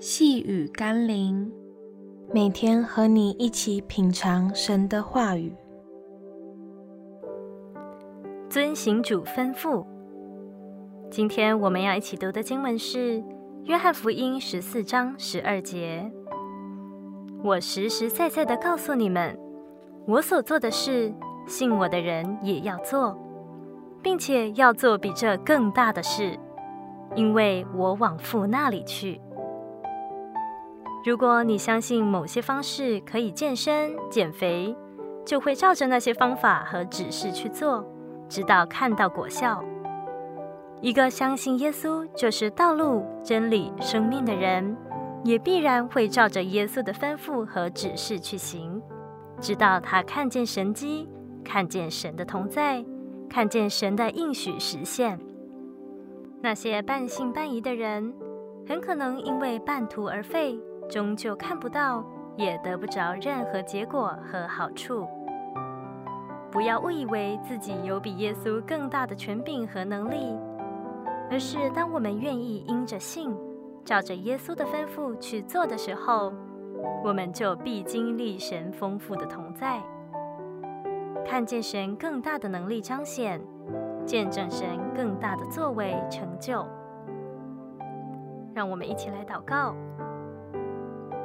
細語甘霖，每天和你一起品嘗神的話語，遵行主吩咐。今天我們要一起讀的經文是《約翰福音》十四章十二節。我實實在在的告訴你們，我所做的事，信我的人也要做，並且要做比這更大的事，因為我往父那裡去。如果你相信某些方式可以健身減肥，就會照着那些方法和指示去做，直到看到果效。一個相信耶穌就是道路、真理、生命的人，也必然會照着耶穌的吩咐和指示去行，直到他看見神蹟，看見神的同在，看見神的應許實現。那些半信半疑的人，很可能因為半途而廢。終究看不到，也得不着任何結果和好處。不要誤以為自己有比耶穌更大的權柄和能力，而是當我們願意因着信，照着耶穌的吩咐去做的時候，我們就必經歷神豐富的同在，看見神更大的能力彰顯，見證神更大的作為成就。讓我們一起來禱告。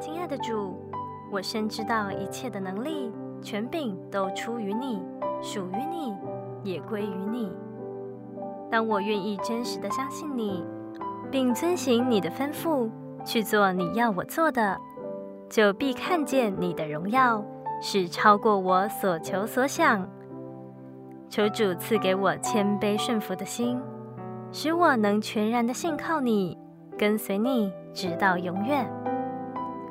親愛的主，我深知道一切的能力、權柄都出於你，屬於你，也歸於你。當我願意真實的相信你，並遵行你的吩咐，去做你要我做的，就必看見你的榮耀是超過我所求所想。求主賜給我謙卑順服的心，使我能全然的信靠你，跟隨你，直到永遠。